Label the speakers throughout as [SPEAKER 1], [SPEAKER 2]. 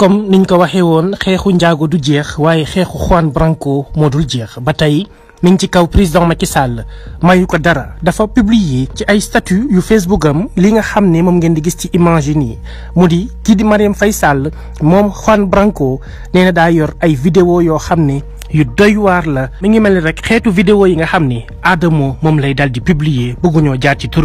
[SPEAKER 1] comme niñ ko waxee woon xeexu njaago du jeex waaye xeexu Juan Branco moo dul jeex ba tey mi ngi ci kaw président Macky Sall mayu ko dara dafa publier ci ay statut yu Facebook am li nga xam ne moom ngeen di gis ci image nii mu di kii di Marième Faye Sall moom Juan Branco nee na daa yor ay vidéo yoo xam ni yu doy waar la mi ngi mel ni rek xeetu vidéo yi nga xam ne Adamo moom lay dal di publier bëgguñoo jaar ci tur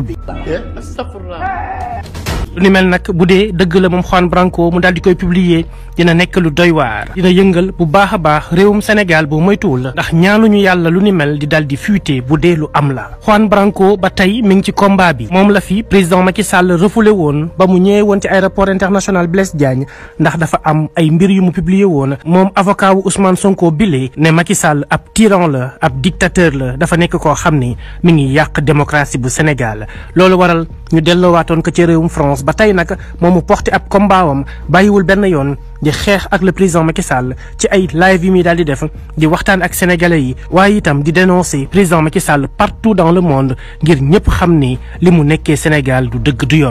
[SPEAKER 1] lu ni mel nag bu dee dëgg la moom Juan Branco mu daal di koy publier dina nekk lu doy waar dina yëngal bu baax a baax réewum Sénégal bu moytuwul la ndax ñu yàlla lu ni mel di daal di fuité bu dee lu am la Juan Branco ba tey mu ngi ci combat bi moom la fi président Macky Sall refoulé woon ba mu ñëwee woon ci aéroport international Blaise Diagne ndax dafa am ay mbir yu mu publier woon moom avocat wu Ousmane Sonko bile ne Macky Sall ab tyran la ab dictateur la dafa nekk koo xam ni mi ngi yàq démocratie bu Sénégal loolu waral ñu delloowaatoon ko ci réewum France Bataille ba tay porte momu porté ab combat wam bayiwul ben yoon di xex ak le président Macky Sall ci ay live yi mi daldi di def di ak sénégalais yi itam di dénoncer président Macky Sall partout dans le monde ngir ñëpp xamni ni li Sénégal du deug du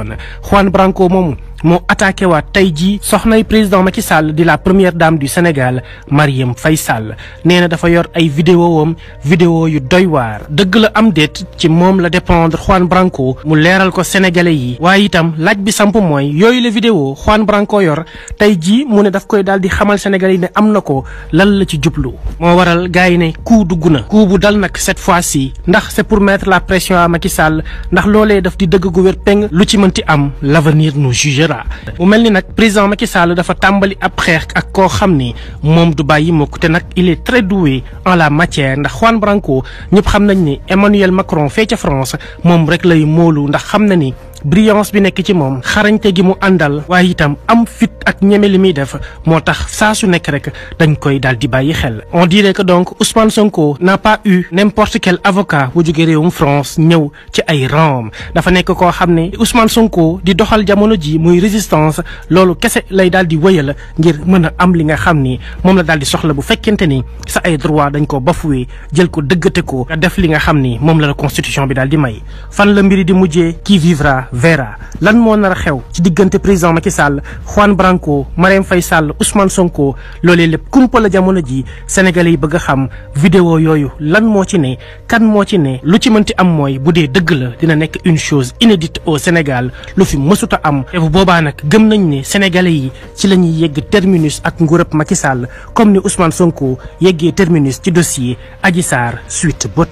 [SPEAKER 1] Juan Branco momu. Mo attaqué wa tey jii soxnay président Macky Sall di la première dame du Sénégal mariem Faisal. Sall nee na dafa yor ay vidéo wam vidéo yu doy Deug la am la dépendre Juan Branco mu l'éral ko sénégalais yi Wa itam laj bi samp moy, le vidéo Juan Branco yor Taiji, jii mu daf koy dal di xamal sénégalais ne am ko lan la ci djublu. moo waral du coup bu dal nak cette fois ci c'est pour mettre la pression à Macky Sall ndax l'olé daf di deug peng lu ci am l'avenir nous jugera choléra mu mel ni président Macky Sall dafa tambali ab xeex ak ko xamni mom du bàyyi mukk il est très doué en la matière ndax Juan Branco ñep xamnañ ni Emmanuel Macron fé ci France mom rek lay molu, ndax ni brillance bi nek ci mom xarañte gi mu andal way itam am fit ak ñemeli mi def motax sa su nek rek dañ koy daal di xel. on dirait que donc Ousmane Sonko n'a pas eu n'importe quel avocat wu jóge réewum France ñew ci ay ram dafa nek ko Ousmane Sonko di doxal jamono ji muy résistance lolu kese lay daal di wëyal ngir mëna am li nga xamni ni la daal di soxla bu sa ay droit dañ ko bafoué jël ko dëggate ko def li nga xamni mom la constitution bi daal may fan la mbiri di mujjé qui vivra Vera lan moo nar a xew ci diggante président Macky Sall Juan Branco Marème fay Sall Ousmane Sonko loole lépp kumpa jamono ji sénégalais yi bëgg a xam video yooyu lan moo ci ne kan moo ci ne lu ci mënti am mooy bu dee dëgg la dina nekk une chose inédite au Sénégal lu fi mësut am. te bu boobaa nag gëm nañ ne sénégalais yi ci la ñuy yegg terminus ak nguurab Macky Sall comme ni usmaan Sonko yeggee terminus ci dossier Adji Sarr suite ba